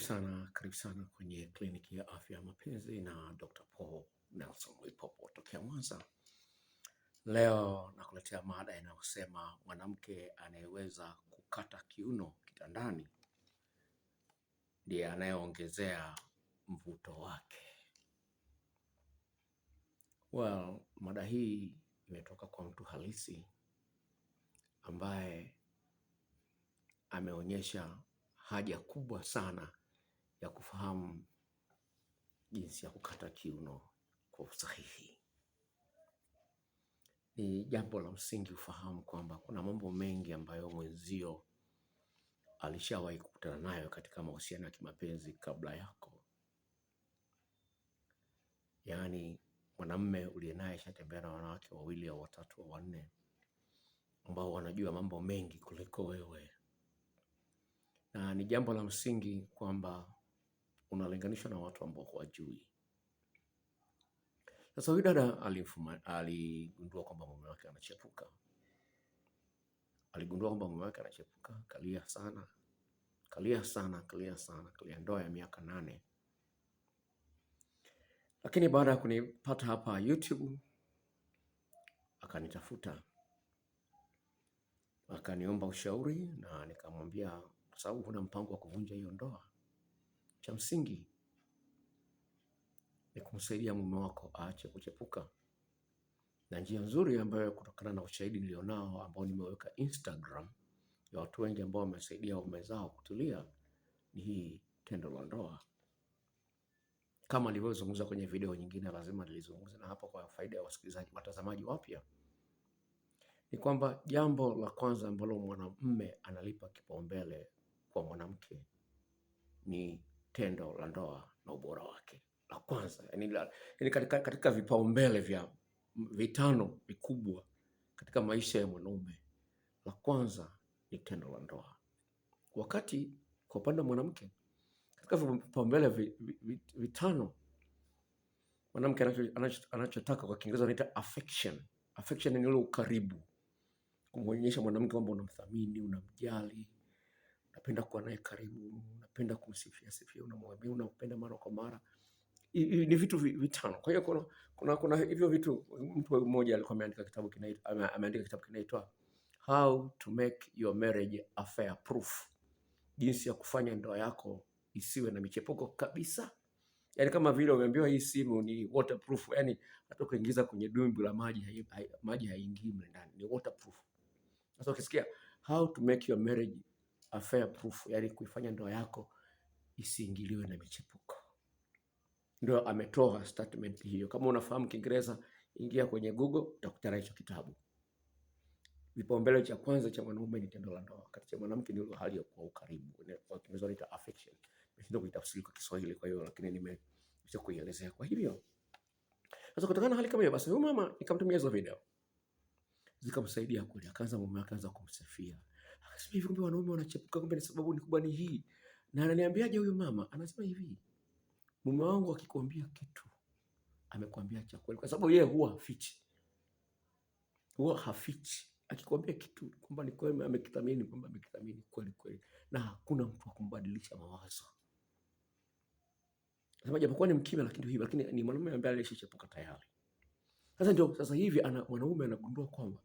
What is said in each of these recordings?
Sana, karibu sana kwenye kliniki ya afya ya mapenzi na Dr. Paul Nelson Mwipopo tokea Mwanza. Leo nakuletea mada inayosema mwanamke anayeweza kukata kiuno kitandani ndiye anayeongezea mvuto wake. Well, mada hii imetoka kwa mtu halisi ambaye ameonyesha haja kubwa sana ya kufahamu jinsi ya kukata kiuno kwa usahihi. Ni jambo la msingi ufahamu kwamba kuna mambo mengi ambayo mwenzio alishawahi kukutana nayo katika mahusiano ya kimapenzi kabla yako. Yaani, mwanamume uliye naye shatembea na wanawake wawili au watatu au wanne ambao wanajua mambo mengi kuliko wewe, na ni jambo la msingi kwamba unalinganisha na watu ambao huwajui. Sasa huyu dada aligundua kwamba mume wake anachepuka, aligundua kwamba mume wake anachepuka, kalia sana, kalia sana, kalia sana, kalia ndoa ya miaka nane. Lakini baada ya kunipata hapa YouTube akanitafuta akaniomba ushauri, na nikamwambia, kwa sababu huna mpango wa kuvunja hiyo ndoa, cha msingi ni kumsaidia mume wako aache kuchepuka, na njia nzuri ambayo kutokana na ushahidi nilionao ambao nimeweka Instagram ya watu wengi ambao wamesaidia waume zao kutulia ni hii tendo la ndoa. Kama nilivyozungumza kwenye video nyingine, lazima nilizungumza na hapo kwa faida ya wasikilizaji, watazamaji wapya, ni kwamba jambo la kwanza ambalo mwanamume analipa kipaumbele kwa mwanamke ni tendo la ndoa na ubora wake. La kwanza yani, la, yani katika, katika vipaumbele vya vitano vikubwa katika maisha ya mwanaume, la kwanza ni tendo la ndoa, wakati kwa upande wa mwanamke katika vipaumbele vitano mwanamke anachotaka kwa Kiingereza anaita affection. Affection ni ule ukaribu, kumwonyesha mwanamke kwamba unamthamini, unamjali napenda kuwa naye karibu, napenda kumsifia sifia, unamwambia unampenda mara kwa mara. Ni vitu vitano. Kwa hiyo kuna, kuna, kuna hivyo vitu. Mtu mmoja alikuwa ameandika kitabu kinaitwa ameandika kitabu kinaitwa How to Make Your Marriage a Affair Proof, jinsi ya kufanya ndoa yako isiwe na michepuko kabisa. Yani kama vile umeambiwa hii simu ni waterproof, yani hata ukiingiza kwenye dumbu la maji hai, hai, maji haingii ndani, ni waterproof. Sasa ukisikia how to make your marriage affair proof, yani kuifanya ndoa yako isiingiliwe na michepuko. Ndio ametoa statement hiyo. Kama unafahamu Kiingereza, ingia kwenye Google utakutana hicho kitabu. Kipaumbele cha kwanza cha mwanaume ni tendo la ndoa, kati cha mwanamke ni ile hali ya kuwa ukaribu, kwa Kiingereza inaitwa affection. Nimeshindwa kuitafsiri kwa Kiswahili, kwa hiyo lakini nimeweza kuielezea. Kwa hivyo sasa, kutokana na hali kama hiyo, basi huyu mama nikamtumia hizo video, zikamsaidia kule, akaanza mume akaanza kumsifia sasa hivi kumbe wanaume wanachepuka, kumbe sababu ni kubwa ni hii. Na ananiambiaje huyu mama? Anasema hivi, mume wangu akikwambia kitu amekwambia cha kweli, kwa sababu yeye huwa hafichi, huwa hafichi. Akikwambia kitu kwamba ni kweli, amekithamini kwamba amekithamini kweli kweli, na hakuna mtu wa kumbadilisha mawazo. Anasema japokuwa ni mkimya, lakini hivi, lakini ni mwanamume ambaye alishachepuka tayari. Sasa ndio sasa hivi ana mwanaume anagundua kwamba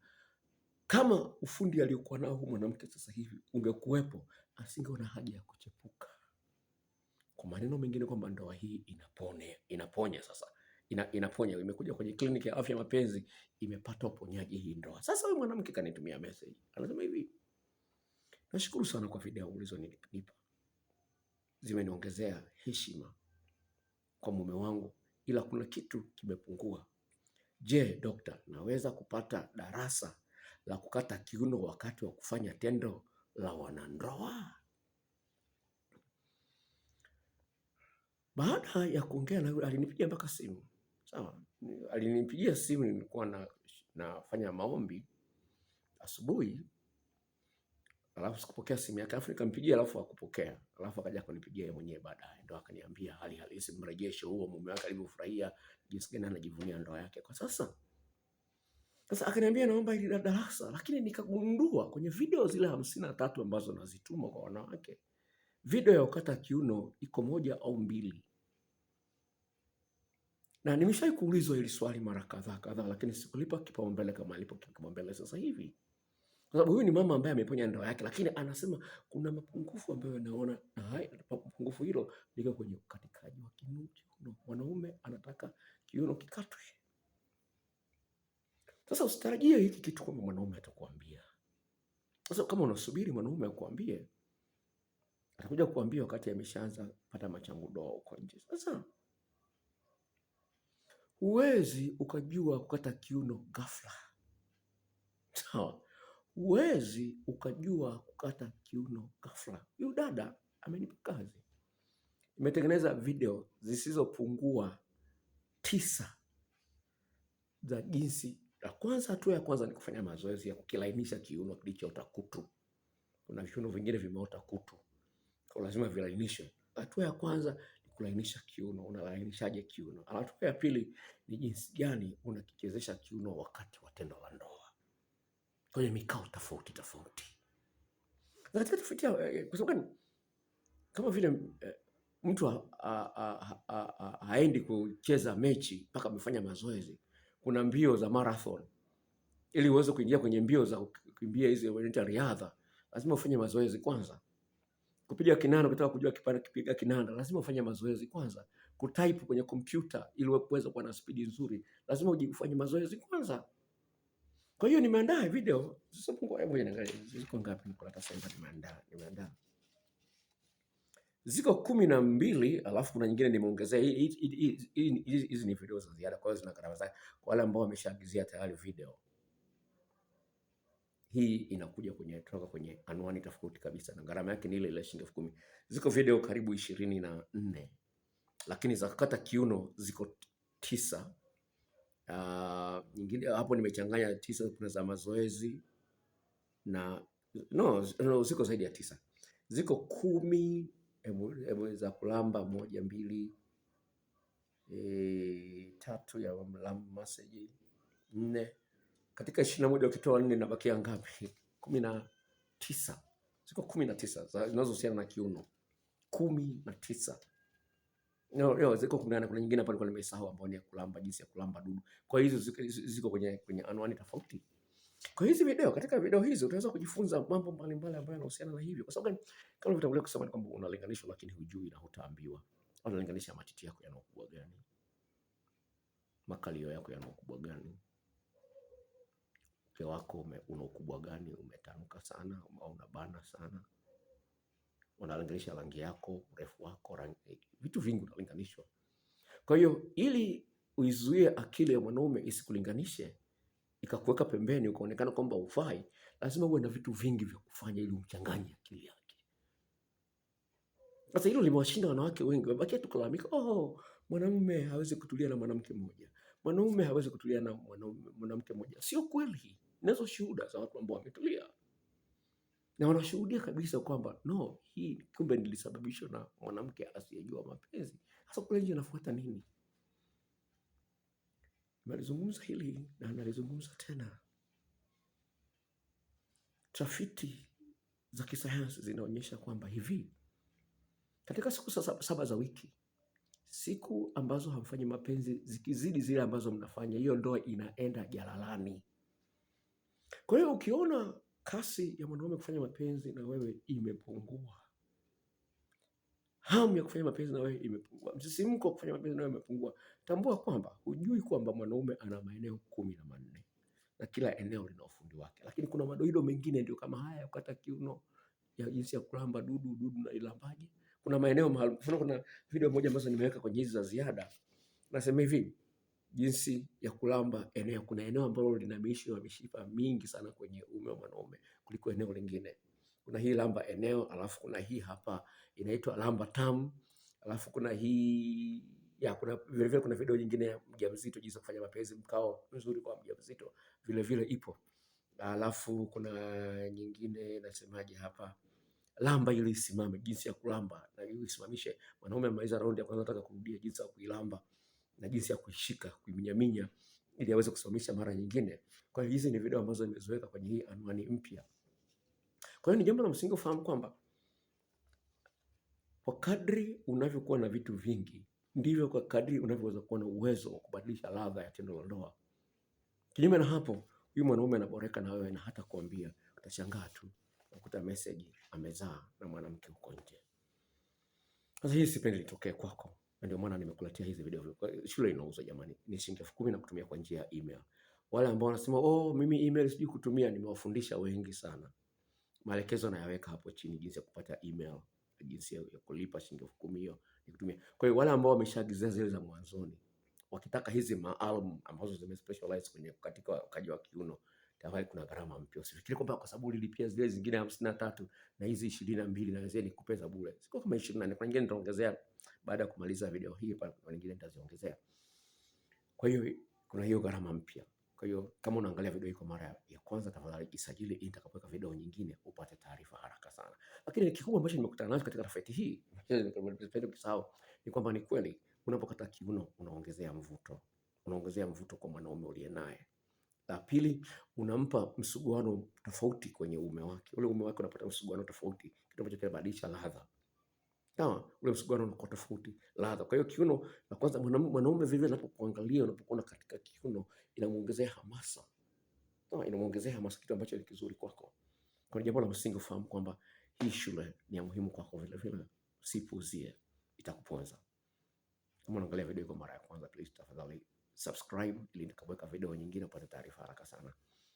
kama ufundi aliokuwa nao huyu mwanamke sasa hivi ungekuwepo, asingeona haja ya kuchepuka. Kwa maneno mengine kwamba ndoa hii inapone, inaponya sasa ina, inaponya imekuja kwenye kliniki ya afya mapenzi imepata uponyaji hii ndoa. Sasa huyu mwanamke kanitumia message. Anasema hivi. Nashukuru sana kwa video ulizonipa. Zimeniongezea heshima kwa mume wangu ila kuna kitu kimepungua. Je, dokta, naweza kupata darasa la kukata kiuno wakati wa kufanya tendo la wanandoa? Baada ya kuongea na yule alinipigia mpaka simu. Sawa, alinipigia simu, nilikuwa na nafanya maombi asubuhi, alafu sikupokea simu yake, alafu nikampigia, alafu akupokea, alafu akaja kunipigia yeye mwenyewe baadaye, ndo akaniambia hali halisi, mrejesho huo mume wake alivyofurahia, jinsi gani anajivunia ndoa yake kwa sasa. Sasa akaniambia naomba ili darasa, lakini nikagundua kwenye video zile hamsini na tatu ambazo nazituma kwa wanawake, video ya ukata kiuno iko moja au mbili, na nimeshai kuulizwa hili swali mara kadhaa kadhaa, lakini sikulipa kipaumbele kama alipo kipaumbele sasa hivi, kwa sababu huyu ni mama ambaye ameponya ndoa yake, lakini anasema kuna mapungufu ambayo naona, na mapungufu hilo liko kwenye ukatikaji wa kiuno. Mwanaume anataka kiuno kikatwe sasa usitarajie hiki kitu kwamba mwanaume atakwambia. Sasa kama unasubiri mwanaume akwambie, atakuja kuambia wakati ameshaanza pata doa huko nje. Sasa huwezi ukajua kukata kiuno ghafla, sawa? Huwezi ukajua kukata kiuno ghafla. Huyu dada amenipa kazi, imetengeneza video zisizopungua tisa za jinsi la kwanza, hatua ya kwanza ni kufanya mazoezi ya kukilainisha kiuno kilichoota kutu. Kuna viuno vingine vimeota kutu, kwa lazima vilainishwe. Hatua ya kwanza ni kulainisha kiuno. Unalainishaje kiuno? Hatua ya pili ni jinsi gani unakichezesha kiuno wakati wa tendo la ndoa, kwenye mikao tofauti tofauti. Na Katika tofauti eh, kwa sababu kama vile eh, mtu haendi kucheza mechi mpaka amefanya mazoezi kuna mbio za marathon. Ili uweze kuingia kwenye mbio za kukimbia hizi za riadha, lazima ufanye mazoezi kwanza. Kupiga kinanda, ukitaka kujua kipana kipiga kinanda, lazima ufanye mazoezi kwanza. Kutype kwenye kompyuta ili uweze kuwa na spidi nzuri, lazima ujifanye mazoezi kwanza. Kwa hiyo nimeandaa video. Sasa, Mungu niangalie ziko ngapi? Nimeandaa ziko kumi na mbili alafu kuna nyingine nimeongezea. Hizi ni video za ziada, kwa hiyo zina gharama zake kwa wale ambao wameshaagizia tayari video. Hii inakuja kwenye toka kwenye anwani tofauti kabisa na gharama yake ni ile ile shilingi elfu kumi. Ziko video karibu ishirini na nne lakini za kukata kiuno ziko tisa. Uh, nyingine hapo nimechanganya tisa, kuna za mazoezi na no, no, ziko zaidi ya tisa, ziko kumi hebu za kulamba moja mbili e, tatu ya mlamba message nne katika ishirini na moja ukitoa nne nabakia ngapi? kumi na tisa ziko kumi na tisa zinazohusiana na kiuno kumi na tisa no, no, ziko kumi na kuna nyingine hapa nilikuwa nimesahau ambayo ni ya kulamba jinsi ya kulamba dudu. Kwa hizo ziko kwenye, kwenye anwani tofauti. Kwa hizi video, katika video hizi utaweza kujifunza mambo mbalimbali ambayo yanahusiana na hivyo, kwa sababu kama vitakuja kusema ni kwamba unalinganisha lakini hujui na hutaambiwa, unalinganisha matiti yako yana ukubwa gani, makalio yako yana ukubwa gani, mke wako una ukubwa gani, umetanuka sana au unabana sana, unalinganisha rangi yako, urefu wako, rangi, eh, vitu vingi unalinganishwa. Kwa hiyo ili uizuie akili ya mwanaume isikulinganishe ikakuweka pembeni ukaonekana kwamba ufai, lazima uwe na vitu vingi vya kufanya ili umchanganye akili yake. Sasa hilo limewashinda wanawake wengi, wabaki tu kulalamika, oh, mwanamume hawezi kutulia na mwanamke mmoja, mwanaume hawezi kutulia na mwanamke mmoja. Sio kweli, nazo shuhuda za watu ambao wametulia na wanashuhudia kabisa kwamba no, hii kumbe nilisababishwa na mwanamke asiyejua mapenzi. Sasa kule nje nafuata nini? Nalizungumza hili na nalizungumza tena. Tafiti za kisayansi zinaonyesha kwamba hivi katika siku saba za wiki, siku ambazo hamfanyi mapenzi zikizidi zile ambazo mnafanya, hiyo ndoa inaenda jalalani. Kwa hiyo ukiona kasi ya mwanaume kufanya mapenzi na wewe imepungua, hamu ya kufanya mapenzi na wewe imepungua, msisimko wa kufanya mapenzi na wewe imepungua. Tambua kwamba hujui kwamba mwanaume ana maeneo kumi na manne na kila eneo lina ufundi wake, lakini kuna madoido mengine ndio kama haya, ukata kiuno, ya jinsi ya kulamba dudu dudu na ilambaje. Kuna maeneo maalum. kuna, kuna video moja ambazo nimeweka kwenye hizi za ziada, nasema hivi jinsi ya kulamba eneo. Kuna eneo ambalo lina miisho ya mishipa mingi sana kwenye uume wa mwanaume kuliko eneo lingine kuna hii lamba eneo, alafu kuna hii hapa inaitwa lamba tam, alafu kuna hii ya kuna vile vile kuna video nyingine ya mjamzito, jinsi kufanya mapenzi mkao mzuri kwa mjamzito vile vile ipo. Alafu kuna nyingine nasemaje hapa, lamba ili isimame, jinsi ya kulamba na ili isimamishe. Mwanaume amaliza raundi ya kwanza, nataka kurudia, jinsi ya kuilamba na jinsi ya kuishika, kuiminyaminya ili aweze kusimamisha mara nyingine. Kwa hiyo hizi ni video ambazo nimeziweka kwenye hii anwani mpya. Kwa hiyo ni jambo la msingi ufahamu kwamba kwa kadri unavyokuwa na vitu vingi ndivyo kwa kadri unavyoweza kuwa na uwezo wa kubadilisha ladha ya tendo la ndoa. Kinyume na hapo, huyu mwanaume anaboreka na wewe na hata kuambia, utashangaa tu ukuta message amezaa na mwanamke huko nje. Sasa hii sipendi litokee kwako, na ndio maana nimekuletea hizi video. Shule inauza jamani, ni shilingi elfu kumi na kutumia kwa njia ya email. Wale ambao wanasema oh, mimi email sijui kutumia, nimewafundisha wengi sana maelekezo nayaweka hapo chini, jinsi ya kupata email, jinsi ya kulipa shilingi elfu kumi hiyo nikutumia. Kwa hiyo wale ambao wameshaagiza zile za mwanzoni wakitaka hizi maalum ambazo zime specialize kwenye katika ukaji wa kiuno tayari kuna gharama mpya. Usifikiri kwamba kwa sababu nilipia zile zingine hamsini na tatu na hizi ishirini na mbili naweza nikupe za bure. Siko kama ishirini na nne, kuna nyingine nitaongezea baada ya kumaliza video hii, kuna nyingine nitaziongezea. Kwa hiyo kuna hiyo gharama mpya. Kwa hiyo kama unaangalia video hii kwa mara ya kwanza, tafadhali jisajili ili nitakapoweka video nyingine upate taarifa haraka sana. Lakini kikubwa ambacho nimekutana nacho katika tafiti hii ni kwamba ni kweli unapokata kiuno unaongezea mvuto, unaongezea mvuto kwa mwanaume uliye naye. La pili, unampa msuguano tofauti kwenye uume wake, ule uume wake unapata msuguano tofauti, kitu ambacho kinabadilisha ladha. Sawa, ule msuguano unakuwa tofauti ladha. Kwa hiyo kiuno na kwanza, mwanaume vivyo anapokuangalia, unapokuona katika kiuno, inamuongezea hamasa, sawa, inamuongezea hamasa, kitu ambacho ni kizuri kwako. Kwa hiyo jambo la msingi ufahamu kwamba hii shule ni ya muhimu kwako vile vile, usipuuzie, itakuponza. Kama unaangalia video kwa mara ya kwanza, please tafadhali subscribe ili nikaweka video nyingine upate taarifa haraka sana.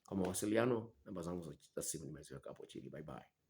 Kwa mawasiliano, namba zangu za simu nimeziweka hapo chini. Bye bye.